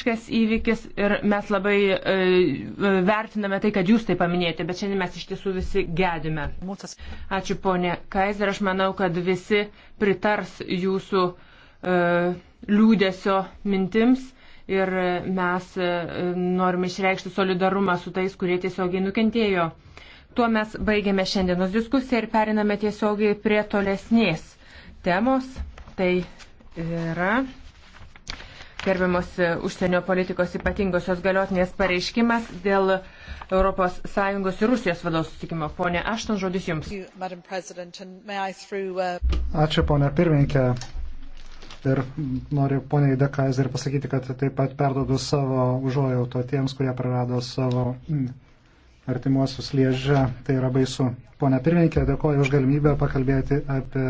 tragiškas įvykis ir mes labai e, e, vertiname tai, kad jūs tai paminėjote, bet šiandien mes iš tiesų visi gedime. Ačiū ponė Kaiser, aš manau, kad visi pritars jūsų e, liūdėsio mintims ir mes e, norime išreikšti solidarumą su tais, kurie tiesiogiai nukentėjo. Tuo mes baigiame šiandienos diskusiją ir periname tiesiogiai prie tolesnės temos. Tai yra gerbiamos e, užsienio politikos ypatingosios galiotinės pareiškimas dėl ES ir Rusijos vadovų susitikimo. Pone Ašton, žodis Jums. Uh, Ačiū, ponė pirmininkė. Ir noriu poniai Dekaiser pasakyti, kad taip pat perdodu savo užuojautą tiems, kurie prarado savo mm, artimuosius liežę. Tai yra baisu. Pone pirmininkė, dėkoju už galimybę pakalbėti apie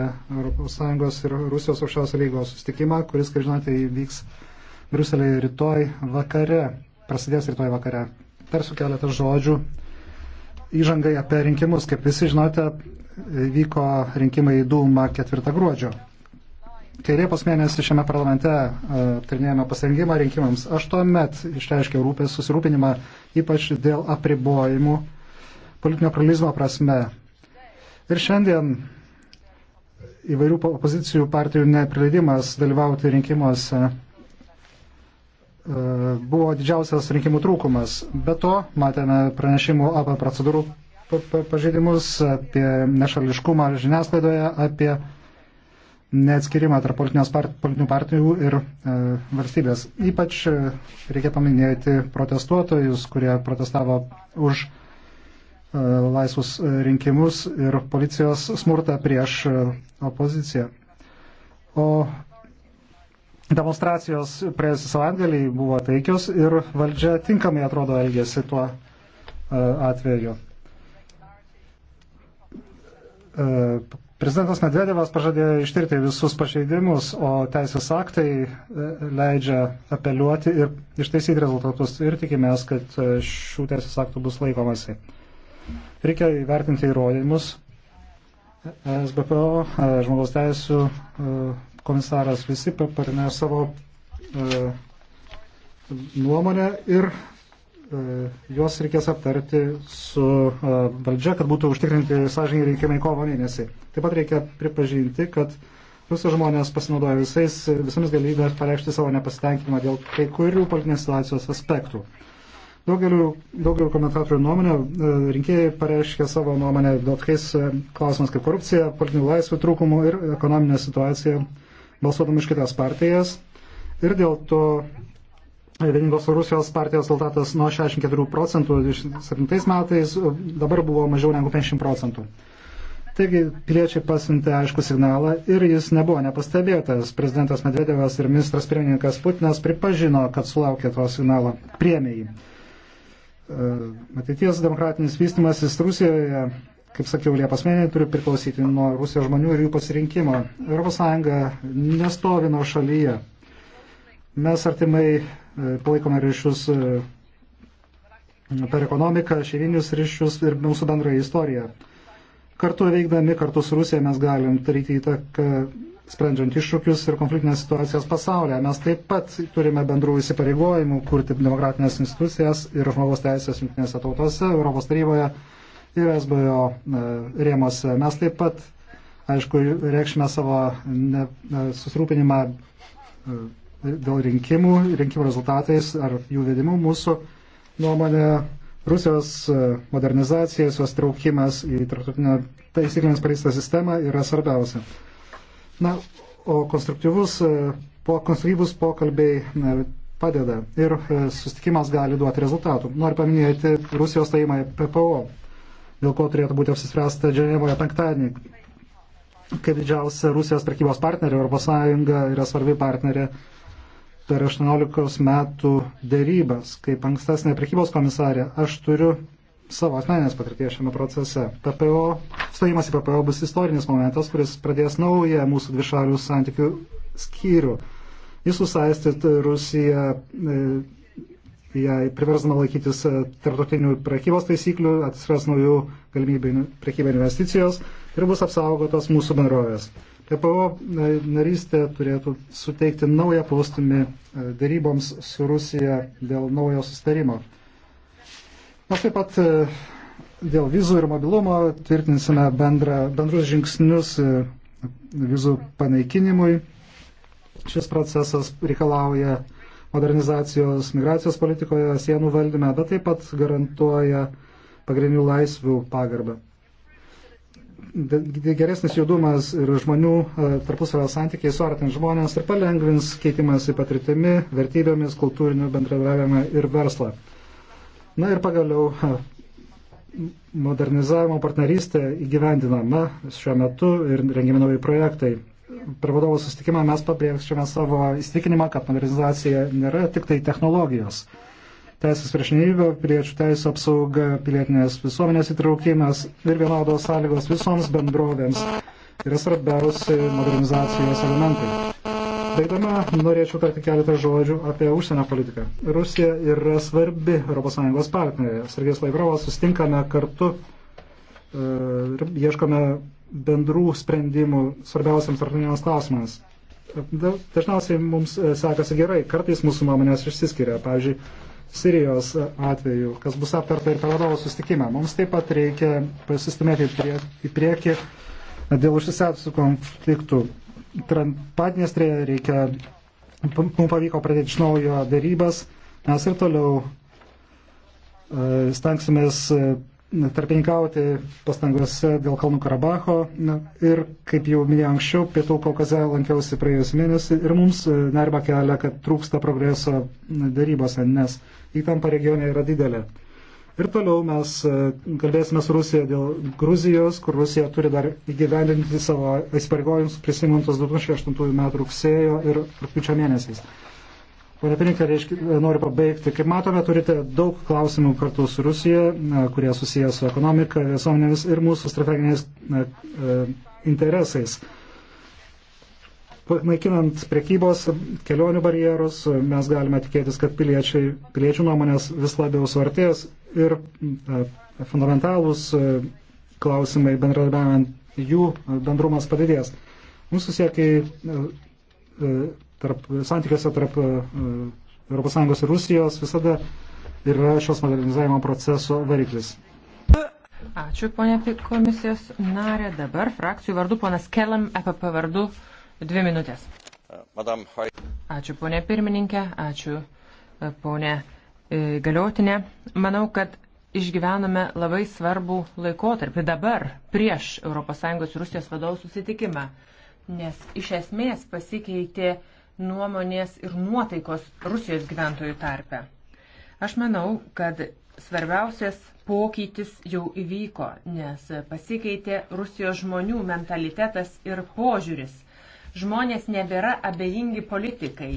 ES ir Rusijos aukščiausio lygos sustikimą, kuris, kaip žinote, įvyks Briuselį rytoj vakare, prasidės rytoj vakare. Tarsiu keletą žodžių įžangai apie rinkimus. Kaip visi žinote, vyko rinkimai į Dūmą 4 gruodžio. Kai Liepos mėnesį šiame parlamente e, aptarinėjome pasirengimą rinkimams, aš tuomet išreiškiau rūpės susirūpinimą ypač dėl apribojimų politinio pluralizmo prasme. Ir šiandien įvairių opozicijų partijų neprileidimas dalyvauti rinkimuose buvo didžiausias rinkimų trūkumas. Be to, matėme pranešimų apie procedūrų pažeidimus, apie nešališkumą žiniasklaidoje, apie neatskirimą tarp part, politinių partijų ir e, valstybės. Ypač e, reikia paminėti protestuotojus, kurie protestavo už e, laisvus rinkimus ir policijos smurtą prieš e, opoziciją. O Demonstracijos praėjusį savaitgalį buvo taikios ir valdžia tinkamai atrodo elgėsi tuo e, atveju. E, prezidentas Medvedevas pažadėjo ištirti visus pažeidimus, o teisės aktai e, leidžia apeliuoti ir ištaisyti rezultatus ir tikimės, kad šių teisės aktų bus laikomasi. Reikia įvertinti įrodymus. SBPO, žmogaus teisų komisaras visi paparnė savo e, nuomonę ir e, juos reikės aptarti su e, valdžia, kad būtų užtikrinti sąžininkai rinkimai kovo mėnesį. Taip pat reikia pripažinti, kad Rusijos žmonės pasinaudoja visais, visomis galimybėmis pareikšti savo nepasitenkinimą dėl kai kurių politinės situacijos aspektų. Daugeliu, daugeliu komentatorių nuomonė, e, rinkėjai pareiškia savo nuomonę dėl tokiais klausimas kaip korupcija, politinių laisvių trūkumų ir ekonominė situacija balsuodami už kitas partijas. Ir dėl to vieningos Rusijos partijos rezultatas nuo 64 procentų 27 metais dabar buvo mažiau negu 50 procentų. Taigi piliečiai pasiuntė aišku signalą ir jis nebuvo nepastebėtas. Prezidentas Medvedevas ir ministras pirmininkas Putinas pripažino, kad sulaukė to signalo priemėjai. E, ateities demokratinis vystimasis Rusijoje kaip sakiau, Liepos mėnesį turi priklausyti nuo Rusijos žmonių ir jų pasirinkimo. ES nestovi nuo šalyje. Mes artimai e, palaikome ryšius e, per ekonomiką, šeiminius ryšius ir mūsų bendrą istoriją. Kartu veikdami, kartu su Rusija mes galim daryti įtaką sprendžiant iššūkius ir konfliktinės situacijas pasaulyje. Mes taip pat turime bendrų įsipareigojimų kurti demokratinės institucijas ir žmogaus teisės jungtinėse tautose, Europos taryboje ir SBO e, rėmose. Mes taip pat, aišku, reikšime savo ne, e, susirūpinimą e, dėl rinkimų, rinkimų rezultatais ar jų vedimų mūsų nuomonė. Rusijos modernizacija, jos traukimas į tarptautinę taisyklėms pareistą sistemą yra svarbiausia. Na, o konstruktyvus, po, konstruktyvus pokalbiai padeda ir sustikimas gali duoti rezultatų. Noriu paminėti Rusijos stojimą į PPO dėl ko turėtų būti apsispręsta Dženevoje penktadienį. Kaip didžiausia Rusijos prekybos partnerė, ES yra svarbi partnerė per 18 metų dėrybas. Kaip ankstesnė prekybos komisarė, aš turiu savo asmeninės patirties šiame procese. PPO, stojimas į PPO bus istorinis momentas, kuris pradės naują mūsų dvišalių santykių skyrių. Jis susaistyt Rusiją e, jei priversdama laikytis e, tarptautinių prekybos taisyklių, atsiras naujų galimybių prekybė investicijos ir bus apsaugotos mūsų bendrovės. PPO e, narystė turėtų suteikti naują postumį e, daryboms su Rusija dėl naujo sustarimo. Mes taip pat dėl vizų ir mobilumo tvirtinsime bendra, bendrus žingsnius vizų panaikinimui. Šis procesas reikalauja modernizacijos migracijos politikoje, sienų valdyme, bet taip pat garantuoja pagrindinių laisvių pagarbą. Geresnis judumas ir žmonių e, tarpusavio santykiai suartins žmonės ir palengvins keitimąsi patirtimi, vertybėmis, kultūriniu bendradarbiavimu ir verslą. Na ir pagaliau e, modernizavimo partnerystė įgyvendinama šiuo metu ir rengiami nauji projektai per vadovų susitikimą mes pabrėžėme savo įstikinimą, kad modernizacija nėra tik tai technologijos. Teisės priešinybė, piliečių teisų apsauga, pilietinės visuomenės įtraukimas ir vienodos sąlygos visoms bendrovėms yra svarbiausi modernizacijos elementai. Baigdama, norėčiau tarti keletą žodžių apie užsienio politiką. Rusija yra svarbi ES partnerė. Sergejus Laivrovas sustinkame kartu e, ir ieškome bendrų sprendimų svarbiausiams tarptautiniams klausimams. Dažniausiai mums e, sekasi gerai, kartais mūsų nuomonės išsiskiria. Pavyzdžiui, Sirijos atveju, kas bus aptarta ir per vadovų sustikimą. Mums taip pat reikia pasistumėti į priekį dėl užsisėtusių konfliktų. Padniestrėje reikia, mums pavyko pradėti iš naujo darybas, mes ir toliau e, stengsimės e, tarpininkauti pastangose dėl Kalnų Karabacho na, ir, kaip jau minėjau anksčiau, Pietų Kaukaze lankiausi praėjus mėnesį ir mums e, nerba kelia, kad trūksta progreso darybose, nes įtampa regione yra didelė. Ir toliau mes e, kalbėsime su Rusija dėl Gruzijos, kur Rusija turi dar įgyvendinti savo įsipareigojimus prisimintus 2008 m. rugsėjo ir rūpiučio mėnesiais. Pone Pirinkė, noriu pabaigti. Kaip matome, turite daug klausimų kartu su Rusija, kurie susiję su ekonomika, visuomenėmis ir mūsų strateginiais e, interesais. Naikinant prekybos kelionių barjerus, mes galime tikėtis, kad piliečiai, piliečių nuomonės vis labiau suartės ir fundamentalūs e, klausimai bendradarbiavant jų bendrumas padidės. Mūsų siekiai e, tarp, santykiuose tarp ES ir Rusijos visada yra šios modernizavimo proceso variklis. Ačiū, ponė komisijos narė. Dabar frakcijų vardu ponas Kelam, EPP vardu, dvi minutės. Ačiū, ponė pirmininkė, ačiū, e, ponė e, galiotinė. Manau, kad išgyvename labai svarbų laikotarpį dabar, prieš ES ir Rusijos vadovų susitikimą, nes iš esmės pasikeitė uh, nuomonės ir nuotaikos Rusijos gyventojų tarpe. Aš manau, kad svarbiausias pokytis jau įvyko, nes pasikeitė Rusijos žmonių mentalitetas ir požiūris. Žmonės nebėra abejingi politikai,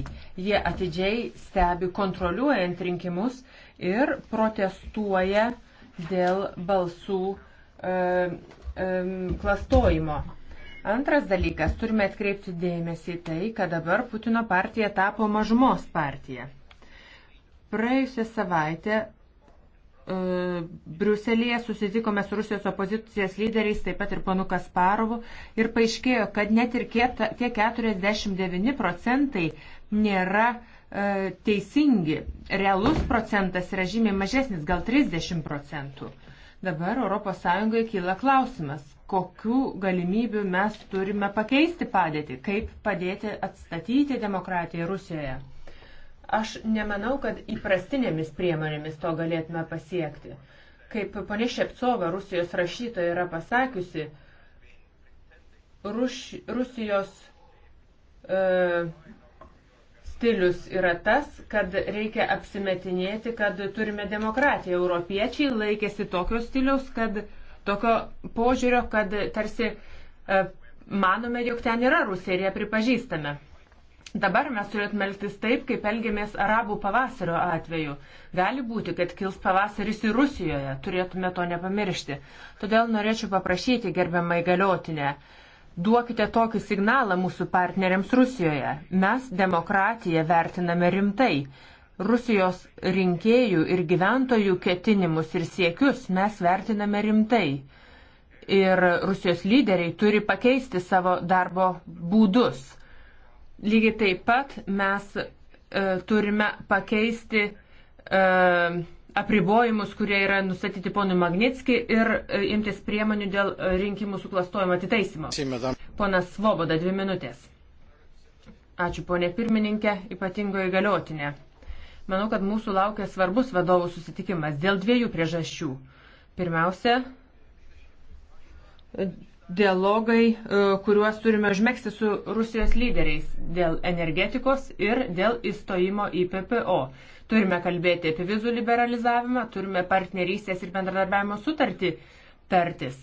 jie atidžiai stebi kontroliuojant rinkimus ir protestuoja dėl balsų e, e, klastojimo. Antras dalykas, turime atkreipti dėmesį į tai, kad dabar Putino partija tapo mažumos partija. Praėjusią savaitę e, Briuselėje susitikome su Rusijos opozicijos lyderiais, taip pat ir panu Kasparovu, ir paaiškėjo, kad net ir tie 49 procentai nėra e, teisingi. Realus procentas yra žymiai mažesnis, gal 30 procentų. Dabar ES kyla klausimas, kokių galimybių mes turime pakeisti padėtį, kaip padėti atstatyti demokratiją Rusijoje. Aš nemanau, kad įprastinėmis priemonėmis to galėtume pasiekti. Kaip ponė Šepcova, Rusijos rašytoja, yra pasakiusi, Ruš, Rusijos e, stilius yra tas, kad reikia apsimetinėti, kad turime demokratiją. Europiečiai laikėsi tokios stiliaus, kad e, Tokio požiūrio, kad tarsi e, manome, jog ten yra Rusija ir ją pripažįstame. Dabar mes turėtume elgtis taip, kaip elgėmės arabų pavasario atveju. Gali būti, kad kils pavasaris ir Rusijoje, turėtume to nepamiršti. Todėl norėčiau paprašyti gerbiamą įgaliotinę. Duokite tokį signalą mūsų partneriams Rusijoje. Mes demokratiją vertiname rimtai Rusijos rinkėjų ir gyventojų ketinimus ir siekius mes vertiname rimtai. Ir Rusijos lyderiai turi pakeisti savo darbo būdus. Lygiai taip pat mes e, turime pakeisti e, apribojimus, kurie yra nustatyti ponui Magnitski ir e, imtis priemonių dėl e, rinkimų suklastojimo atitaisimo. Ponas Svoboda, dvi minutės. Ačiū, ponė pirmininkė, ypatingoji galiotinė. Manau, kad mūsų laukia svarbus vadovų susitikimas dėl dviejų priežasčių. Pirmiausia, dialogai, e, kuriuos turime užmėgsti su Rusijos lyderiais dėl energetikos ir dėl įstojimo į PPO. Turime kalbėti apie vizų liberalizavimą, turime partnerystės ir bendradarbiavimo sutartį tartis.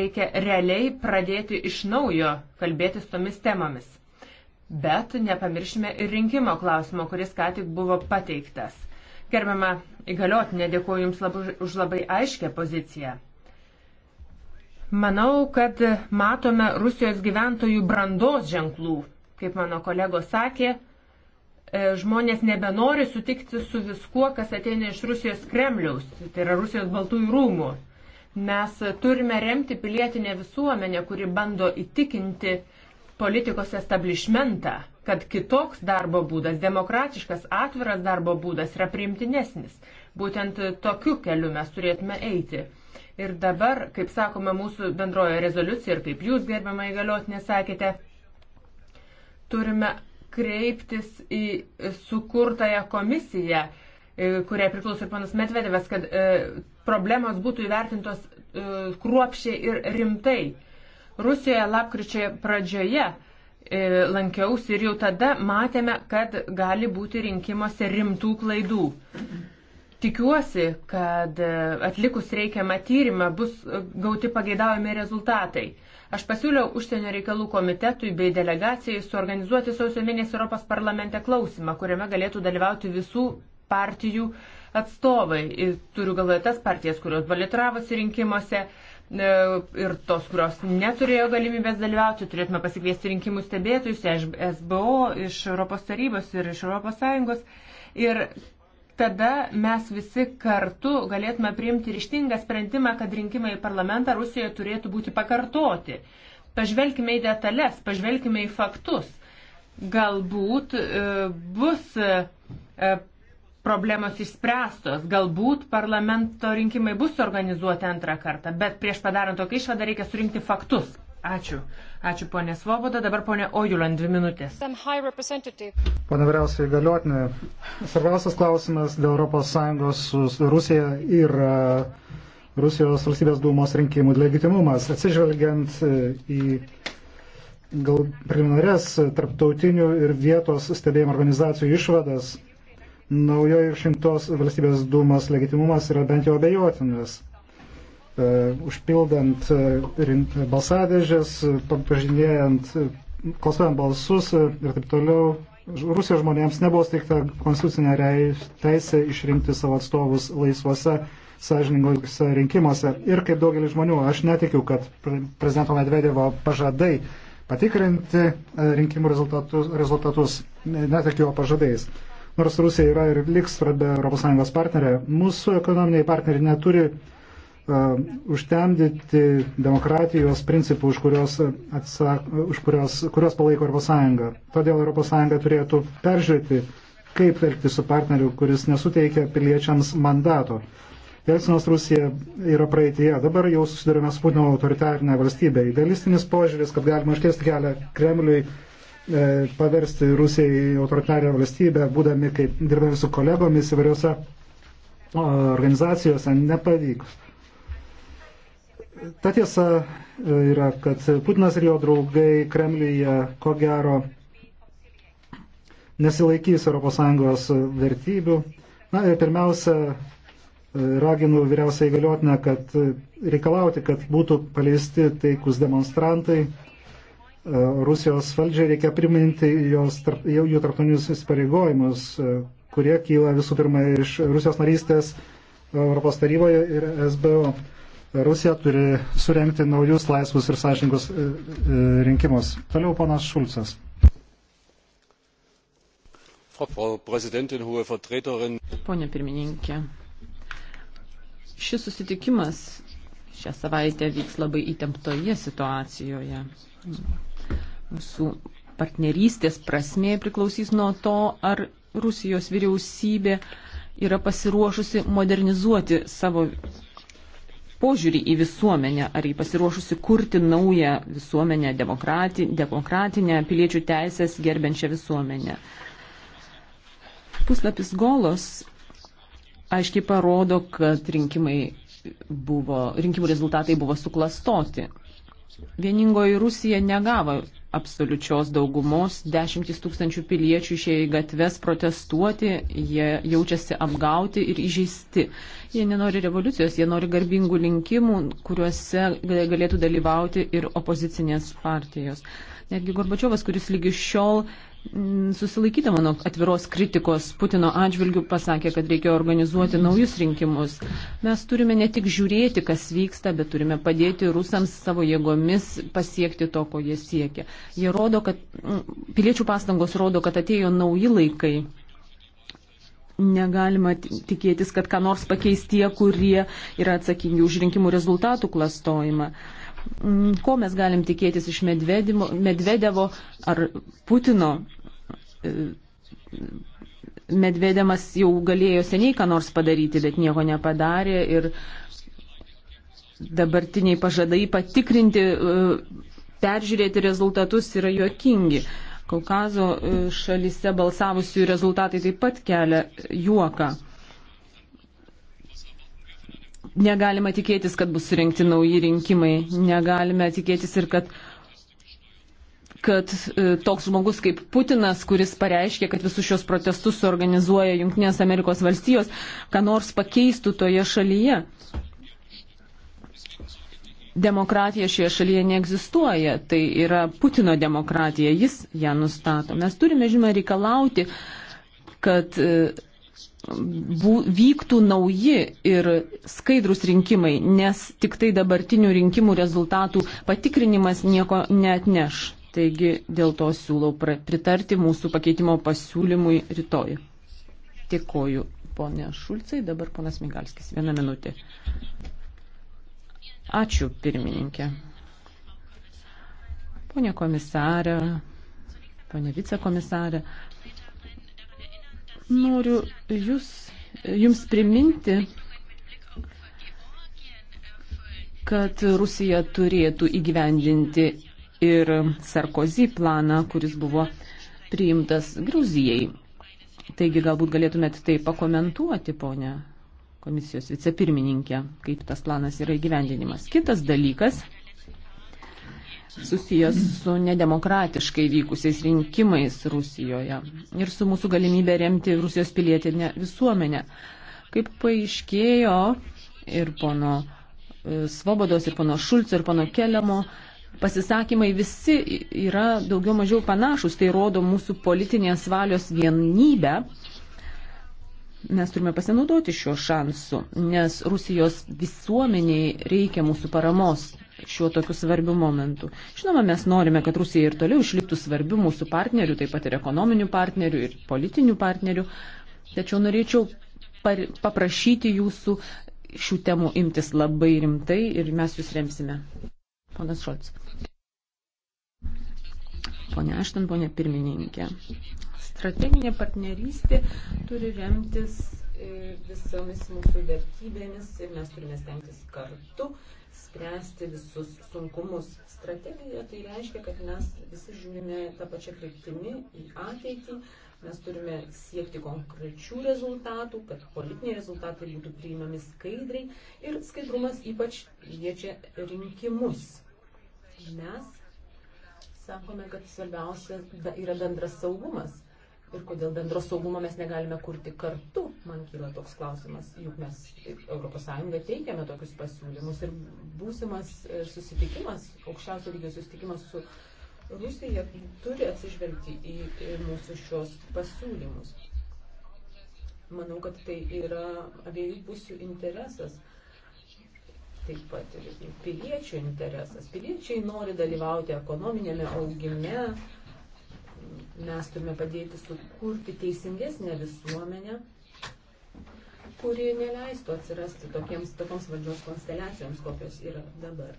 Reikia realiai pradėti iš naujo kalbėti su tomis temomis bet nepamiršime ir rinkimo klausimo, kuris ką tik buvo pateiktas. Gerbiama įgaliotinė, dėkuoju Jums labu, už labai aiškę poziciją. Manau, kad matome Rusijos gyventojų brandos ženklų. Kaip mano kolegos sakė, e, žmonės nebenori sutikti su viskuo, kas ateina iš Rusijos Kremliaus, tai yra Rusijos Baltųjų rūmų. Mes turime remti pilietinę visuomenę, kuri bando įtikinti uh, politikos establishmentą, kad kitoks darbo būdas, demokratiškas, atviras darbo būdas yra priimtinesnis. Būtent tokiu keliu mes turėtume eiti. Ir dabar, kaip sakome mūsų bendrojo rezoliucija ir kaip jūs gerbiamai galiotinė sakėte, turime kreiptis į sukurtąją komisiją, e, kuriai priklauso ir panas Medvedevas, kad e, problemos būtų įvertintos e, kruopšiai ir rimtai Rusijoje lapkričio pradžioje e, lankiausi ir jau tada matėme, kad gali būti rinkimuose rimtų klaidų. Tikiuosi, kad e, atlikus reikiamą tyrimą bus e, gauti pageidaujami rezultatai. Aš pasiūliau užsienio reikalų komitetui bei delegacijai suorganizuoti sausio mėnesį Europos parlamente klausimą, kuriame galėtų dalyvauti visų partijų atstovai. Ir turiu galvoje tas partijas, kurios balitravosi rinkimuose, uh, E, ir tos, kurios neturėjo galimybės dalyvauti, turėtume pasikviesti rinkimų stebėtojus iš SBO, iš Europos tarybos ir iš Europos Sąjungos. Ir tada mes visi kartu galėtume priimti ryštingą sprendimą, kad rinkimai į parlamentą Rusijoje turėtų būti pakartoti. Pažvelkime į detalės, pažvelkime į faktus. Galbūt e, bus e, problemos išspręstos. Galbūt parlamento rinkimai bus organizuoti antrą kartą, bet prieš padarant tokią išvadą reikia surinkti faktus. Ačiū. Ačiū ponė Svoboda. Dabar ponė Ojulan, dvi minutės. Pone vyriausiai galiotinė, svarbiausias klausimas dėl ES su Rusija yra e, Rusijos valstybės dūmos rinkimų legitimumas. Atsižvelgiant e, į gal preliminarias tarptautinių ir vietos stebėjimo organizacijų išvadas, naujoji išrinktos valstybės dūmos legitimumas yra bent jau abejotinas. E, užpildant e, balsadėžės, e, pažinėjant, klasuojant balsus ir taip toliau, Rusijos žmonėms nebuvo steigta konstitucinė teisė išrinkti savo atstovus laisvose, sąžiningose rinkimuose. Ir kaip daugelis žmonių, aš netikiu, kad prezidento Medvedevo pažadai patikrinti rinkimų rezultatus, rezultatus netikiu jo pažadais. Nors Rusija yra ir liks svarbia ES partnerė, mūsų ekonominiai partneriai neturi uh, užtemdyti demokratijos principų, už kurios, atsak, už kurios, kurios palaiko ES. Todėl ES turėtų peržiūrėti, kaip elgti su partneriu, kuris nesuteikia piliečiams mandato. Jelcinas Rusija yra praeitie, dabar jau susidurime su Putino autoritarinė valstybė. Idealistinis požiūris, kad galima iškesti kelią Kremliui E, paversti Rusiją į autoritarę valstybę, būdami kaip dirbami su kolegomis įvairiose organizacijose, nepavyks. Ta tiesa e, yra, kad Putinas ir jo draugai Kremliuje ko gero nesilaikys ES vertybių. Na ir pirmiausia, e, raginu vyriausiai galiotinę, kad reikalauti, kad būtų paleisti taikus demonstrantai, E, Rusijos valdžiai reikia priminti jos, jų tarptautinius įsipareigojimus, e, kurie kyla visų pirma iš Rusijos narystės Europos taryboje ir SBO. Rusija turi surenkti naujus laisvus ir sąžininkus e, rinkimus. Toliau ponas Šulcas. Pone pirmininkė, šis susitikimas šią savaitę vyks labai įtemptoje situacijoje Mūsų partnerystės prasmė priklausys nuo to, ar Rusijos vyriausybė yra pasiruošusi modernizuoti savo požiūrį į visuomenę, ar jį pasiruošusi kurti naują visuomenę, demokrati, demokratinę, piliečių teisės gerbenčią visuomenę. Puslapis Golos aiškiai parodo, kad rinkimai buvo, rinkimų rezultatai buvo suklastoti. Vieningoji Rusija negavo absoliučios daugumos, dešimtys tūkstančių piliečių išėjo į gatves protestuoti, jie jaučiasi apgauti ir įžeisti. Jie nenori revoliucijos, jie nori garbingų rinkimų, kuriuose galėtų dalyvauti ir opozicinės partijos. Netgi Gorbačiovas, kuris lygi šiol Mm, susilaikydama nuo atviros kritikos Putino atžvilgių pasakė, kad reikia organizuoti naujus rinkimus. Mes turime ne tik žiūrėti, kas vyksta, bet turime padėti rusams savo jėgomis pasiekti to, ko jie siekia. Jie rodo, kad mm, piliečių pastangos rodo, kad atėjo nauji laikai. Negalima tikėtis, kad ką nors pakeis tie, kurie yra atsakingi už rinkimų rezultatų klastojimą. Uh, Mm, ko mes galim tikėtis iš Medvedevo ar Putino. E, Medvedemas jau galėjo seniai ką nors padaryti, bet nieko nepadarė ir dabartiniai pažadai patikrinti, e, peržiūrėti rezultatus yra juokingi. Kaukazo e, šalise balsavusių rezultatai taip pat kelia juoką negalima tikėtis, kad bus surinkti nauji rinkimai, negalime tikėtis ir kad kad e, toks žmogus kaip Putinas, kuris pareiškė, kad visus šios protestus suorganizuoja Junktinės Amerikos valstijos, ką nors pakeistų toje šalyje. Demokratija šioje šalyje neegzistuoja, tai yra Putino demokratija, jis ją nustato. Mes turime, žinoma, reikalauti, kad e, bū, vyktų nauji ir skaidrus rinkimai, nes tik tai dabartinių rinkimų rezultatų patikrinimas nieko neatneš. Taigi dėl to siūlau pritarti mūsų pakeitimo pasiūlymui rytoj. Dėkoju, ponė Šulcai, dabar ponas Migalskis. Vieną minutę. Ačiū, pirmininkė. Pone komisarė, pone vicekomisarė, Noriu jūs, jums priminti, kad Rusija turėtų įgyvendinti ir Sarkozy planą, kuris buvo priimtas Gruzijai. Taigi galbūt galėtumėt tai pakomentuoti, ponė komisijos vicepirmininkė, kaip tas planas yra įgyvendinimas. Kitas dalykas susijęs su nedemokratiškai vykusiais rinkimais Rusijoje ir su mūsų galimybė remti Rusijos pilietinę visuomenę. Kaip paaiškėjo ir pono e, Svobodos, ir pono Šulco, ir pono Keliamo pasisakymai visi yra daugiau mažiau panašus, tai rodo mūsų politinės valios vienybę mes turime pasinaudoti šiuo šansu, nes Rusijos visuomeniai reikia mūsų paramos šiuo tokiu svarbiu momentu. Žinoma, mes norime, kad Rusija ir toliau išliktų svarbių mūsų partnerių, taip pat ir ekonominių partnerių, ir politinių partnerių. Tačiau norėčiau paprašyti jūsų šių temų imtis labai rimtai ir mes jūs remsime. Ponas Šolts. Pone Aštan, ponė pirmininkė. Strateginė partnerystė turi remtis visomis mūsų vertybėmis ir mes turime stengtis kartu spręsti visus sunkumus. Strategija tai reiškia, kad mes visi žiūrime tą pačią kryptimį į ateitį, mes turime siekti konkrečių rezultatų, kad politiniai rezultatai būtų priimami skaidriai ir skaidrumas ypač liečia rinkimus. Mes sakome, kad svarbiausia yra bendras saugumas ir kodėl bendro saugumo mes negalime kurti kartu, man kyla toks klausimas, juk mes ES teikiame tokius pasiūlymus ir būsimas e, susitikimas, aukščiausio lygio susitikimas su Rusija turi atsižvelgti į, į mūsų šios pasiūlymus. Manau, kad tai yra abiejų pusių interesas taip pat ir piliečių interesas. Piliečiai nori dalyvauti ekonominėme augime, Mes turime padėti sukurti teisingesnę visuomenę, kuri neleistų atsirasti tokiems, tokioms valdžios konsteliacijoms, kokios yra dabar.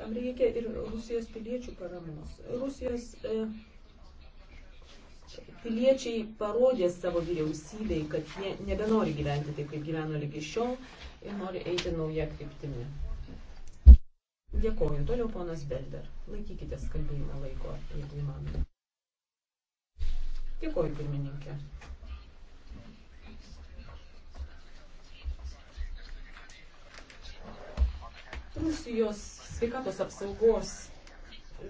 Tam reikia ir Rusijos piliečių paramos. Rusijos e, piliečiai parodė savo vyriausybei, kad jie nebenori gyventi taip, kaip gyveno lygi šiol ir nori eiti naują kryptimį. Dėkoju. Toliau ponas Belder. Laikykitės kalbėjimo laiko, jeigu įmanoma. Dėkuoju, pirmininkė. Rusijos sveikatos apsaugos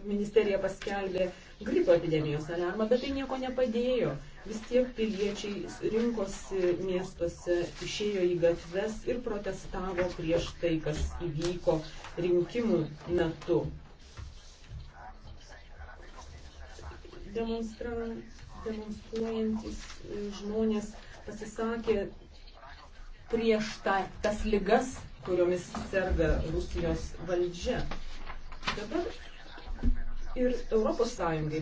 ministerija paskelbė gripo epidemijos alarmą, bet tai nieko nepadėjo. Vis tiek piliečiai rinkosi miestuose, išėjo į gatves ir protestavo prieš tai, kas įvyko rinkimų metu. Demonstra demonstruojantis e, žmonės pasisakė prieš tą, tas ligas, kuriomis serga Rusijos valdžia. Dabar ir ES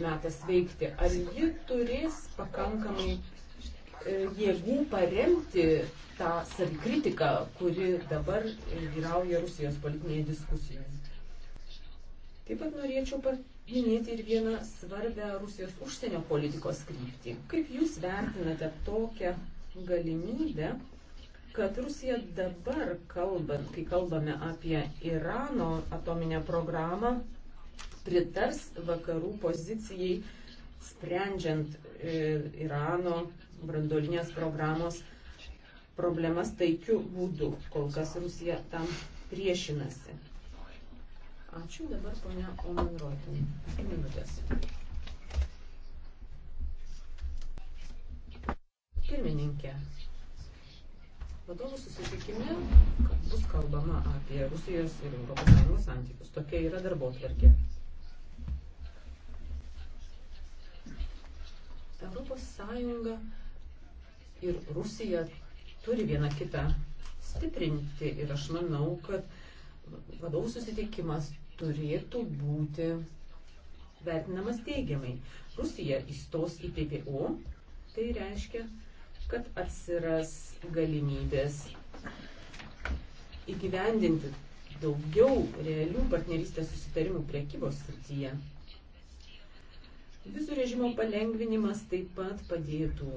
metas veikti. Ar ji turės pakankamai e, jėgų paremti tą savikritiką, kuri dabar vyrauja Rusijos politinėje diskusijoje? Taip pat norėčiau minėti ir vieną svarbę Rusijos užsienio politikos kryptį. Kaip Jūs vertinate tokią galimybę, kad Rusija dabar, kalbant, kai kalbame apie Irano atominę programą, pritars vakarų pozicijai, sprendžiant e, Irano brandolinės programos problemas taikiu būdu. Kol kas Rusija tam priešinasi. Ačiū dabar ponia Oman Roitin. Minutės. Pirmininkė. Vadovų susitikime bus kalbama apie Rusijos ir ES santykius. Tokia yra darbo tvarkė. ES ir Rusija turi vieną kitą stiprinti ir aš manau, kad vadovų susitikimas turėtų būti vertinamas teigiamai. Rusija įstos į PPO, tai reiškia, kad atsiras galimybės įgyvendinti daugiau realių partnerystės susitarimų priekybos srityje. Visų režimo palengvinimas taip pat padėtų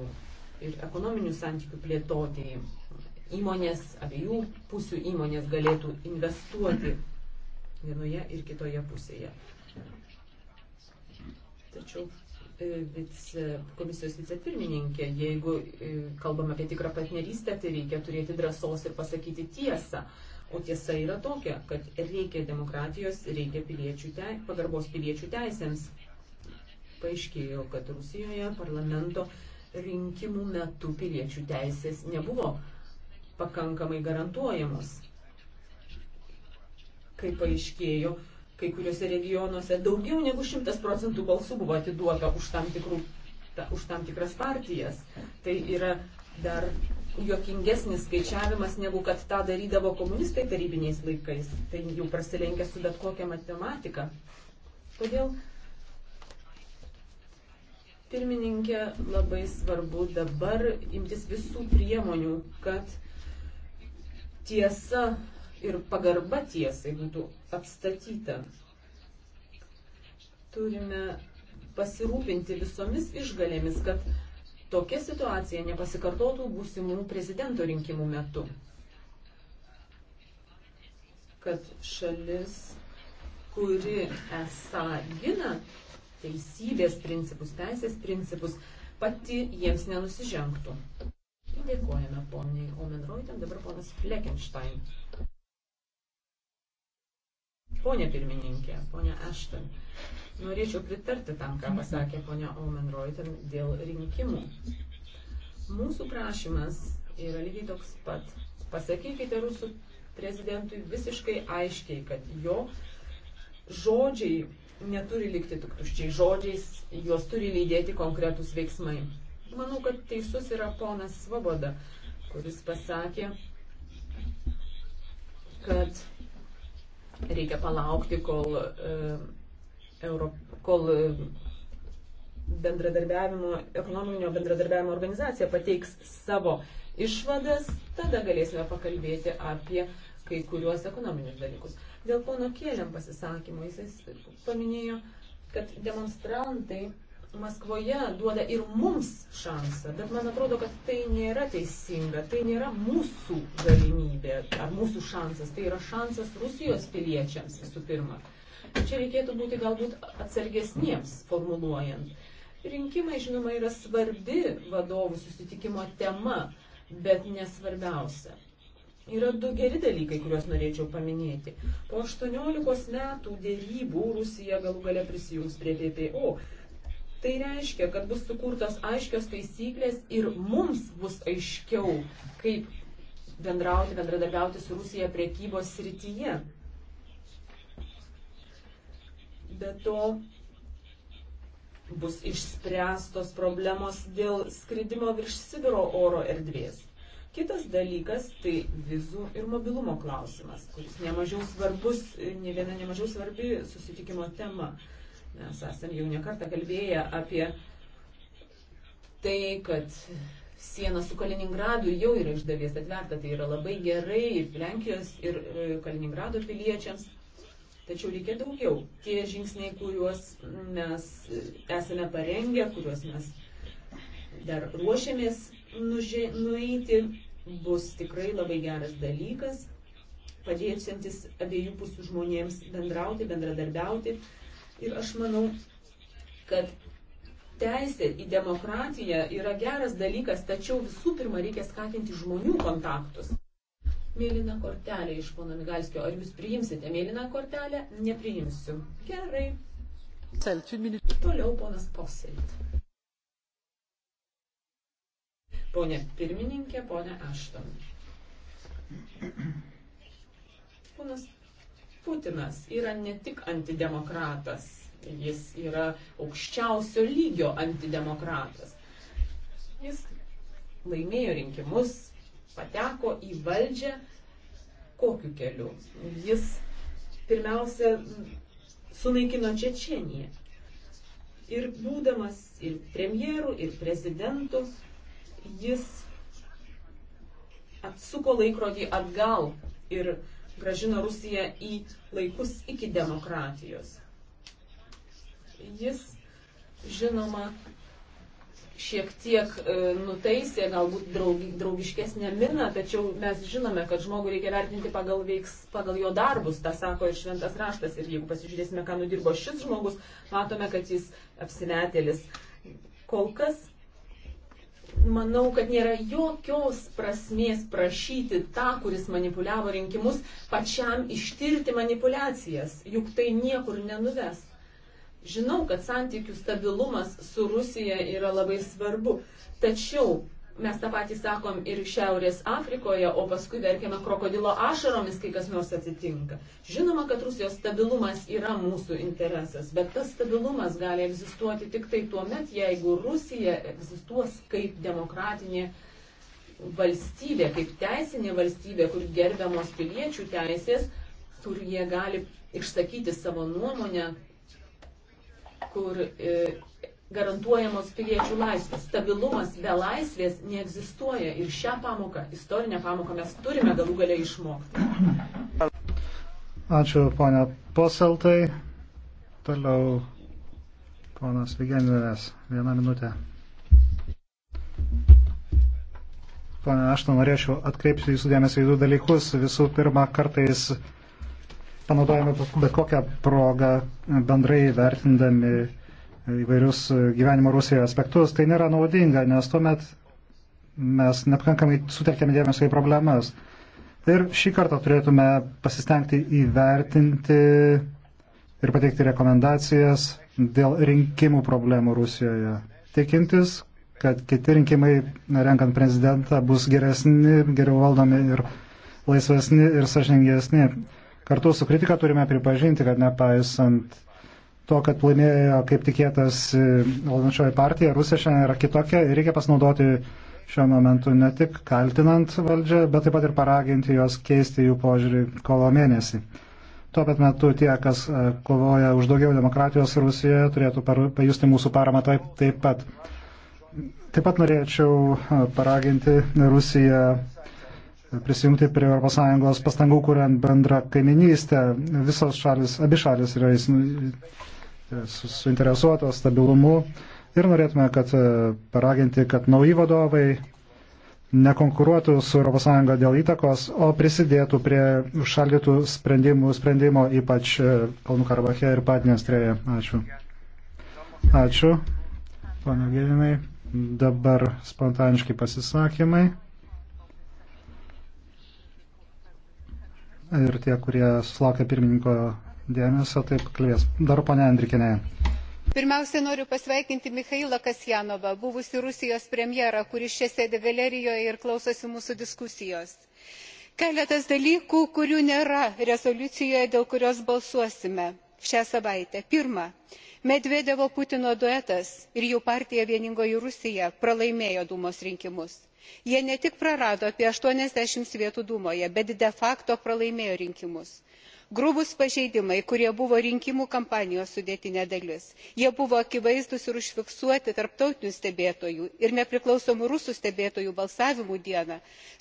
ir ekonominių santykių plėtotėjai įmonės, abiejų pusių įmonės galėtų investuoti vienoje ir kitoje pusėje. Tačiau e, vice, komisijos vicepirmininkė, jeigu e, kalbame apie tikrą partnerystę, tai reikia turėti drąsos ir pasakyti tiesą. O tiesa yra tokia, kad reikia demokratijos, reikia piliečių te, pagarbos piliečių teisėms. Paaiškėjo, kad Rusijoje parlamento rinkimų metu piliečių teisės nebuvo pakankamai garantuojamos. Kaip paaiškėjo, kai kuriuose regionuose daugiau negu 100 procentų balsų buvo atiduota už tam, tikrų, ta, už tam tikras partijas. Tai yra dar juokingesnis skaičiavimas, negu kad tą darydavo komunistai tarybiniais laikais. Tai jau prasilenkia su bet kokia matematika. Todėl pirmininkė labai svarbu dabar imtis visų priemonių, kad tiesa ir pagarba tiesai būtų atstatyta. Turime pasirūpinti visomis išgalėmis, kad tokia situacija nepasikartotų būsimų prezidento rinkimų metu. Kad šalis, kuri esą gina teisybės principus, teisės principus, pati jiems nenusižengtų. Dėkojame poniai Omenroitin, dabar ponas Fleckenstein. Pone pirmininkė, ponė Ashton, norėčiau pritarti tam, ką pasakė ponė Omenroitin dėl rinkimų. Mūsų prašymas yra lygiai toks pat. Pasakykite rusų prezidentui visiškai aiškiai, kad jo žodžiai neturi likti tik tuščiai žodžiais, juos turi lydėti konkretūs veiksmai. Manau, kad teisus yra ponas Svoboda, kuris pasakė, kad reikia palaukti, kol, e, Euro, kol e, bendradarbiavimo, ekonominio bendradarbiavimo organizacija pateiks savo išvadas, tada galėsime pakalbėti apie kai kuriuos ekonominius dalykus. Dėl pono Kėlėm pasisakymo jis paminėjo, kad demonstrantai Maskvoje duoda ir mums šansą, bet man atrodo, kad tai nėra teisinga, tai nėra mūsų galimybė ar mūsų šansas, tai yra šansas Rusijos piliečiams visų pirma. Tai čia reikėtų būti galbūt atsargesniems formuluojant. Rinkimai, žinoma, yra svarbi vadovų susitikimo tema, bet nesvarbiausia. Yra du geri dalykai, kuriuos norėčiau paminėti. Po 18 metų dėrybų Rusija galų gale prisijungs prie PPO. Tai reiškia, kad bus sukurtos aiškios taisyklės ir mums bus aiškiau, kaip bendrauti, bendradarbiauti su Rusija priekybos srityje. Be to bus išspręstos problemos dėl skridimo virš Sibiro oro erdvės. Kitas dalykas - tai vizų ir mobilumo klausimas, kuris nemažiau svarbus, ne viena nemažiau svarbi susitikimo tema. Mes esame jau nekartą kalbėję apie tai, kad siena su Kaliningradu jau yra iš dalies atverta, tai yra labai gerai ir Lenkijos, ir e, Kaliningrado piliečiams. Tačiau reikia daugiau. Tie žingsniai, kuriuos mes esame parengę, kuriuos mes dar ruošiamės nuži, nueiti, bus tikrai labai geras dalykas, padėsiantis abiejų pusių žmonėms bendrauti, bendradarbiauti Ir aš manau, kad teisė į demokratiją yra geras dalykas, tačiau visų pirma reikia skatinti žmonių kontaktus. Mėlyna kortelė iš pono Migalskio. Ar jūs priimsite mėlyną kortelę? Nepriimsiu. Gerai. Toliau ponas Poseit. Pone pirmininkė, pone Ašton. Ponas Putinas yra ne tik antidemokratas, jis yra aukščiausio lygio antidemokratas. Jis laimėjo rinkimus, pateko į valdžią. Kokiu keliu? Jis pirmiausia sunaikino Čečeniją. Ir būdamas ir premjerų, ir prezidentų, jis atsuko laikrodį atgal ir gražino Rusiją į laikus iki demokratijos. Jis, žinoma, šiek tiek e, nuteisė galbūt draugi, draugiškesnę miną, tačiau mes žinome, kad žmogų reikia vertinti pagal, veiks, pagal jo darbus, tą sako ir šventas raštas. Ir jeigu pasižiūrėsime, ką nudirbo šis žmogus, matome, kad jis apsimetėlis. Kol kas manau, kad nėra jokios prasmės prašyti tą, kuris manipuliavo rinkimus, pačiam ištirti manipulacijas, juk tai niekur nenuves. Žinau, kad santykių stabilumas su Rusija yra labai svarbu, tačiau mes tą patį sakom ir Šiaurės Afrikoje, o paskui verkiame krokodilo ašaromis, kai kas nors atsitinka. Žinoma, kad Rusijos stabilumas yra mūsų interesas, bet tas stabilumas gali egzistuoti tik tai tuo met, jeigu Rusija egzistuos kaip demokratinė valstybė, kaip teisinė valstybė, kur gerbiamos piliečių teisės, kur jie gali išsakyti savo nuomonę, kur. E, garantuojamos piliečių laisvės. Stabilumas be laisvės neegzistuoja ir šią pamoką, istorinę pamoką mes turime galų galę išmokti. Ačiū, ponia Poseltai. Toliau, ponas Vigeninas, vieną minutę. Pane, aš to nu norėčiau atkreipti jūsų dėmesį į du dalykus. Visų pirma, kartais panaudojame bet kokią progą bendrai vertindami įvairius e, gyvenimo Rusijoje aspektus, tai nėra naudinga, nes tuomet mes nepakankamai sutelkėme dėmesio į problemas. Ir šį kartą turėtume pasistengti įvertinti ir pateikti rekomendacijas dėl rinkimų problemų Rusijoje. Tikintis, kad kiti rinkimai, renkant prezidentą, bus geresni, geriau valdomi ir laisvesni ir sažiningesni. Kartu su kritika turime pripažinti, kad nepaisant to, kad laimėjo, kaip tikėtas, e, valdančioji partija, Rusija šiandien yra kitokia ir reikia pasinaudoti šiuo momentu ne tik kaltinant valdžią, bet taip pat ir paraginti jos keisti jų požiūrį kovo mėnesį. Tuo pat metu tie, kas e, kovoja už daugiau demokratijos Rusijoje, turėtų pajusti mūsų paramą taip, taip pat. Taip pat norėčiau e, paraginti Rusiją prisijungti prie ES pastangų, kuriant bendrą kaiminystę. Visos šalis, abi šalis yra E, suinteresuotos stabilumu ir norėtume, kad e, paraginti, kad nauji vadovai nekonkuruotų su ES dėl įtakos, o prisidėtų prie užšaldytų sprendimų sprendimo, ypač e, Kalnų Karabache ir Patnestrėje. Ačiū. Ačiū, pana Gėdinai. Dabar spontaniški pasisakymai. Ir tie, kurie sulaukia pirmininko dėmesio, taip kalbės. Dar ponia Andrikinė. Pirmiausia, noriu pasveikinti Mikhailą Kasjanovą, buvusi Rusijos premjerą, kuris čia sėdi galerijoje ir klausosi mūsų diskusijos. Keletas dalykų, kurių nėra rezoliucijoje, dėl kurios balsuosime šią savaitę. Pirma, Medvedevo Putino duetas ir jų partija Vieningoji Rusija pralaimėjo Dūmos rinkimus. Jie ne tik prarado apie 80 vietų Dūmoje, bet de facto pralaimėjo rinkimus grubūs pažeidimai kurie buvo rinkimų kampanijos sudėtinė dalis jie buvo akivaizdūs ir užfiksuoti tarptautinių stebėtojų ir nepriklausomų rusų stebėtojų balsavimų dieną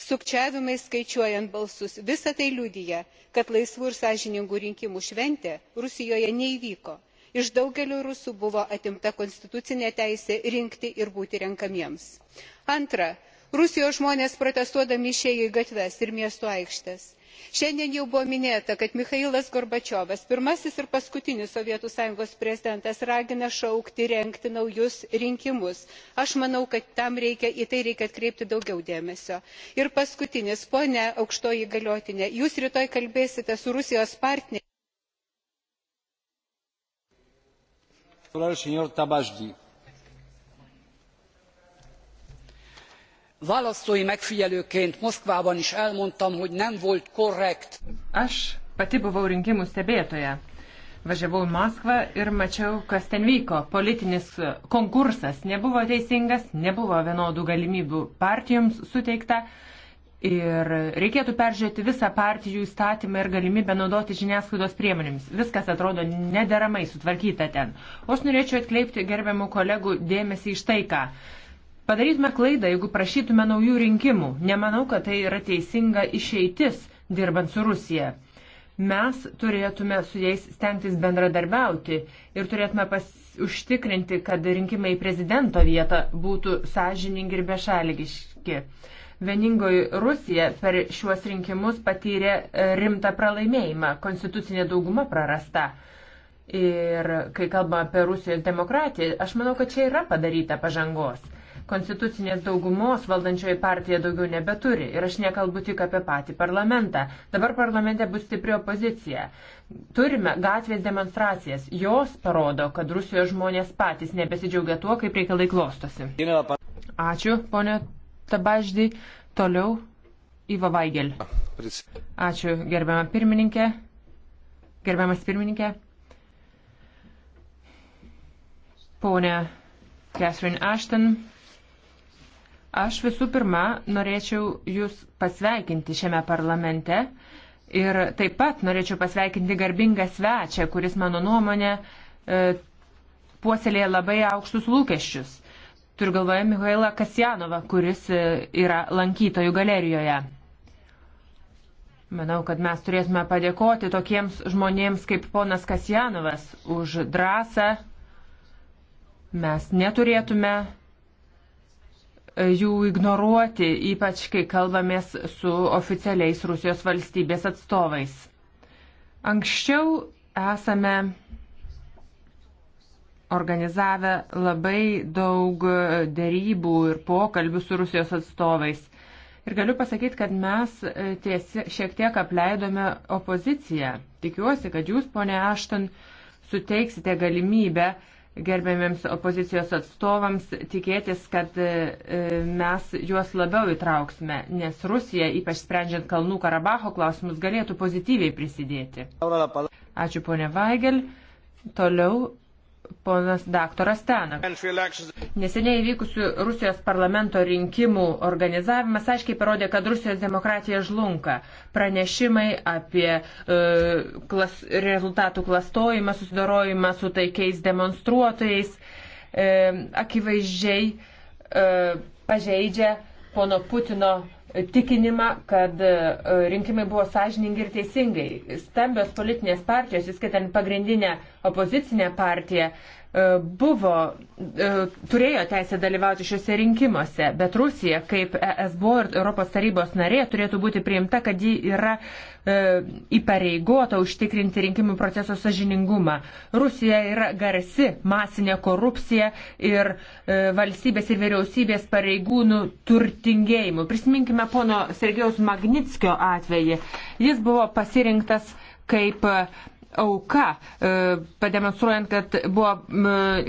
sukčiavimai skaičiuojant balsus visa tai liudija kad laisvų ir sąžiningų rinkimų šventė rusijoje neįvyko iš daugelio rusų buvo atimta konstitucinė teisė rinkti ir būti renkamiems. antra rusijos žmonės protestuodami išėjo į gatves ir miestų aikštes šiandien jau buvo minėta kad michailas gorbačiovas pirmasis ir paskutinis sovietų sąjungos prezidentas ragina šaukti rengti naujus rinkimus aš manau kad į tai reikia atkreipti daugiau dėmesio. ir paskutinis ponia aukštoji įgaliotine jūs rytoj kalbėsite su rusijos partneriais választói megfigyelőként Moszkvában is elmondtam, hogy nem volt korrekt. Aš pati buvau rinkimų stebėtoja. Važiavau į Maskvą ir mačiau, kas ten vyko. Politinis konkursas nebuvo teisingas, nebuvo vienodų galimybių partijoms suteikta. Ir reikėtų peržiūrėti visą partijų įstatymą ir galimybę naudoti žiniasklaidos priemonėmis. Viskas atrodo nederamai sutvarkyta ten. O aš norėčiau atkreipti gerbiamų kolegų dėmesį iš tai, ką Padarytume klaidą, jeigu prašytume naujų rinkimų. Nemanau, kad tai yra teisinga išeitis dirbant su Rusija. Mes turėtume su jais stengtis bendradarbiauti ir turėtume pas, užtikrinti, kad rinkimai į prezidento vietą būtų sąžiningi ir bešalgiški. Vieningoji Rusija per šiuos rinkimus patyrė e, rimtą pralaimėjimą, konstitucinė dauguma prarasta. Ir kai kalbame apie Rusijos demokratiją, aš manau, kad čia yra padaryta pažangos konstitucinės daugumos valdančioji partija daugiau nebeturi. Ir aš nekalbu tik apie patį parlamentą. Dabar parlamente bus stipri opozicija. Turime gatvės demonstracijas. Jos parodo, kad Rusijoje žmonės patys nebesidžiaugia tuo, kaip reikalai klostosi. Ačiū, ponė Tabaždį. Toliau Iva Vaigel. Ačiū, gerbiama pirmininkė. Gerbiamas pirmininkė. Pone Catherine Ashton, Aš visų pirma norėčiau Jūs pasveikinti šiame parlamente ir taip pat norėčiau pasveikinti garbingą svečią, kuris mano nuomonė e, puoselėje labai aukštus lūkesčius. Turiu galvoje Mihailą Kasjanovą, kuris e, yra lankytojų galerijoje. Manau, kad mes turėtume padėkoti tokiems žmonėms kaip ponas Kasjanovas už drąsą. Mes neturėtume jų ignoruoti, ypač kai kalbamės su oficialiais Rusijos valstybės atstovais. Anksčiau esame organizavę labai daug dėrybų ir pokalbių su Rusijos atstovais. Ir galiu pasakyti, kad mes e, tiesi, šiek tiek apleidome opoziciją. Tikiuosi, kad jūs, ponė Ašton, suteiksite galimybę uh, gerbėmiems opozicijos atstovams tikėtis, kad e, mes juos labiau įtrauksime, nes Rusija, ypač sprendžiant Kalnų Karabaho klausimus, galėtų pozityviai prisidėti. Ačiū ponė Vaigel. Toliau ponas daktaras Tenak. Neseniai vykusių Rusijos parlamento rinkimų organizavimas aiškiai parodė, kad Rusijos demokratija žlunka. Pranešimai apie e, klas, rezultatų klastojimą, susidorojimą su taikiais demonstruotojais e, akivaizdžiai e, pažeidžia pono Putino tikinimą, kad e, rinkimai buvo sąžiningi ir teisingai. Stambios politinės partijos, įskaitant pagrindinę opozicinę partiją, E, buvo, e, turėjo teisę dalyvauti šiuose rinkimuose, bet Rusija kaip ESBO ir Europos tarybos narė turėtų būti priimta, kad ji yra e, įpareigota užtikrinti rinkimų proceso sažiningumą. Rusija yra garsi masinė korupcija ir valstybės ir vyriausybės pareigūnų turtingėjimu. Prisiminkime pono Sergejaus Magnitskio atvejį. Jis buvo pasirinktas kaip auka, e, pademonstruojant, kad, buvo,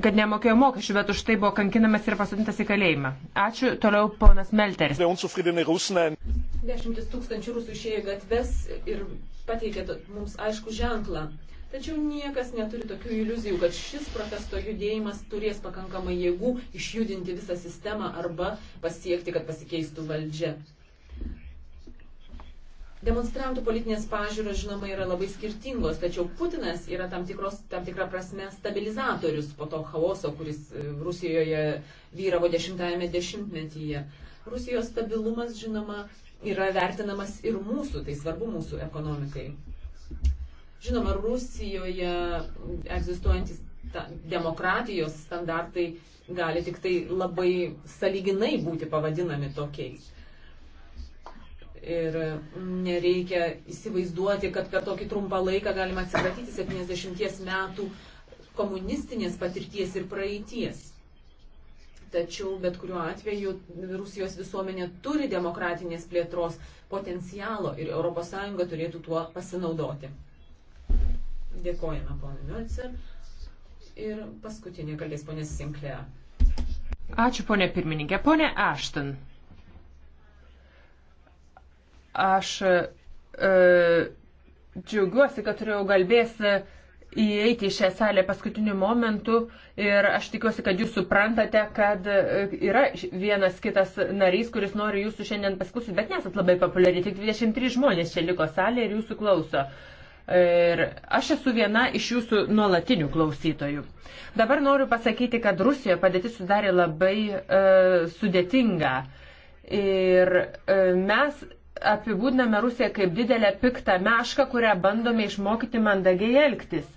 kad nemokėjo mokesčių, bet už tai buvo kankinamas ir pasodintas į kalėjimą. Ačiū. Toliau ponas Melteris. Dešimtis tūkstančių rusų išėjo į gatves ir pateikė mums aišku ženklą. Tačiau niekas neturi tokių iliuzijų, kad šis protesto judėjimas turės pakankamai jėgų išjudinti visą sistemą arba pasiekti, kad pasikeistų valdžia. Demonstrantų politinės pažiūros, žinoma, yra labai skirtingos, tačiau Putinas yra tam, tikros, tam tikra prasme stabilizatorius po to chaoso, kuris e, Rusijoje vyravo dešimtajame dešimtmetyje. Rusijos stabilumas, žinoma, yra vertinamas ir mūsų, tai svarbu mūsų ekonomikai. Žinoma, Rusijoje egzistuojantis demokratijos standartai gali tik tai labai saliginai būti pavadinami tokiais. Ir mm, nereikia įsivaizduoti, kad per tokį trumpą laiką galima atsikratyti 70 metų komunistinės patirties ir praeities. Tačiau bet kuriuo atveju Rusijos visuomenė turi demokratinės plėtros potencialo ir ES turėtų tuo pasinaudoti. Dėkojame ponui Mölcer. Ir paskutinė kalbės ponė Sinklė. Ačiū ponė pirmininkė. Ponė Ashton. Aš e, džiaugiuosi, kad turėjau galbės įeiti į šią salę paskutiniu momentu ir aš tikiuosi, kad jūs suprantate, kad e, yra vienas kitas narys, kuris nori jūsų šiandien paskusyti, bet nesat labai populiari, tik 23 žmonės čia liko salė ir jūsų klauso. Ir aš esu viena iš jūsų nuolatinių klausytojų. Dabar noriu pasakyti, kad Rusijoje padėtis sudarė labai e, sudėtingą. Ir e, mes apibūdiname Rusiją kaip didelę piktą mešką, kurią bandome išmokyti mandagiai elgtis.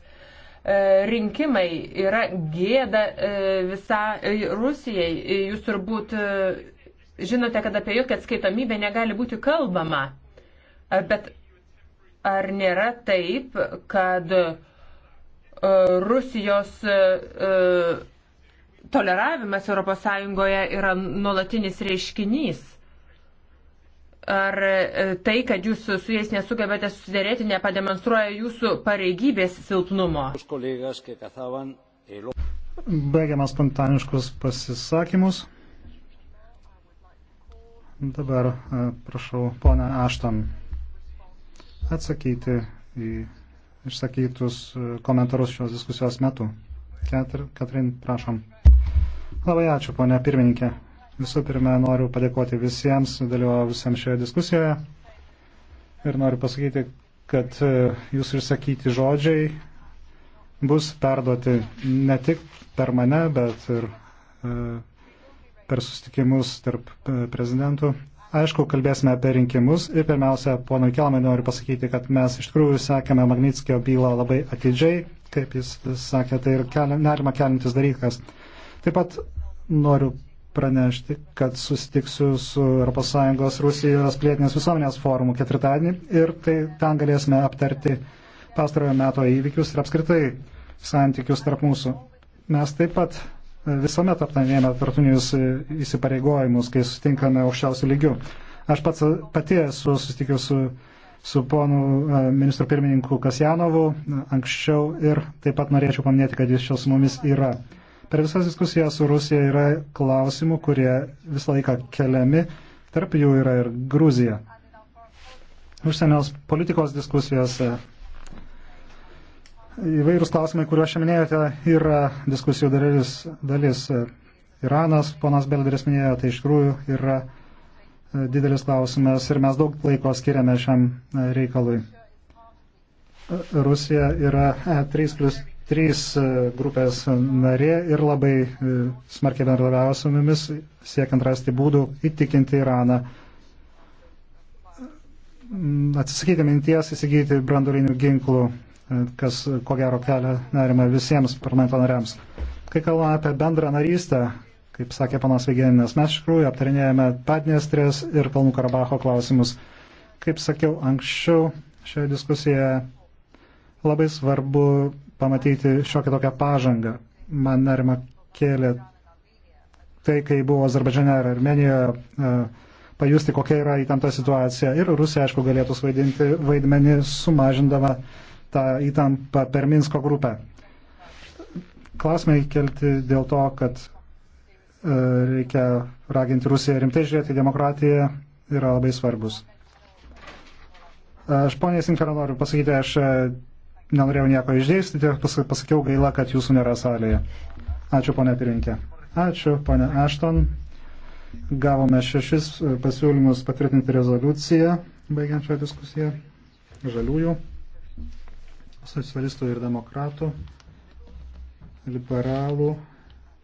E, rinkimai yra gėda e, visą e, Rusijai. Jūs turbūt žinote, kad apie jokią atskaitomybę negali būti kalbama. Bet ar nėra taip, kad Rusijos toleravimas ES yra nuolatinis reiškinys? Ar e, tai, kad jūs su jais nesugebėte susidėrėti, nepademonstruoja jūsų pareigybės silpnumo? Baigiamas spontaniškus pasisakymus. Dabar e, prašau ponę Ašton atsakyti į išsakytus e, komentarus šios diskusijos metu. Katrin, prašom. Labai ačiū, ponė pirmininkė. Visų pirma, noriu padėkoti visiems dalyvavusiems šioje diskusijoje ir noriu pasakyti, kad e, jūsų išsakyti žodžiai bus perduoti ne tik per mane, bet ir e, per sustikimus tarp e, prezidentų. Aišku, kalbėsime apie rinkimus ir pirmiausia, ponui Kelmai noriu pasakyti, kad mes iš tikrųjų sekėme Magnitskio bylą labai atidžiai, kaip jis sakė, tai ir keli, nerima kelintis dalykas. Taip pat noriu pranešti, kad susitiksiu su ES Rusijos plėtinės visuomenės forumu ketvirtadienį ir tai ten galėsime aptarti pastarojo meto įvykius ir apskritai santykius tarp mūsų. Mes taip pat visuomet aptarnėjame tartunius įsipareigojimus, kai susitinkame aukščiausių lygių. Aš pats pati esu susitikęs su, su ponu e, ministru pirmininku Kasjanovu e, anksčiau ir taip pat norėčiau paminėti, kad jis čia su mumis yra. Per visas diskusijas su Rusija yra klausimų, kurie visą laiką keliami, tarp jų yra ir Gruzija. Užsienios politikos diskusijose įvairūs klausimai, kuriuos šiandien minėjote, yra diskusijų dalis. dalis. Iranas, ponas Belderis minėjo, tai iš tikrųjų yra e, didelis klausimas ir mes daug laiko skiriame šiam e, reikalui. E, Rusija yra E3 plus trys e, grupės narė ir labai e, smarkiai bendradavavo su mumis, siekiant rasti būdų įtikinti Iraną atsisakyti minties įsigyti brandolinių ginklų, e, kas ko gero kelia nerima visiems parlamento nariams. Kai kalbame apie bendrą narystę, kaip sakė panas Vigeninas, mes iš tikrųjų aptarinėjame Padniestrės ir Kalnų Karabacho klausimus. Kaip sakiau anksčiau, šioje diskusijoje labai svarbu pamatyti šiokią tokią pažangą. Man nerima kėlė tai, kai buvo Azerbaidžiane ar Armenijoje, e, pajusti, kokia yra įtempta situacija. Ir Rusija, aišku, galėtų svaidinti vaidmenį sumažindama tą įtampą per Minsko grupę. Klausimai kelti dėl to, kad e, reikia raginti Rusiją rimtai žiūrėti demokratiją yra labai svarbus. Aš poniai Sinkarą noriu pasakyti, aš e, nenorėjau nieko išdėstyti, pasakiau gaila, kad jūsų nėra salėje. Ačiū, ponė Pirinkė. Ačiū, ponė Ašton. Gavome šešis pasiūlymus patvirtinti rezoliuciją, baigiant šią diskusiją. Žaliųjų, socialistų ir demokratų, liberalų,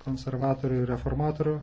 konservatorių ir reformatorių.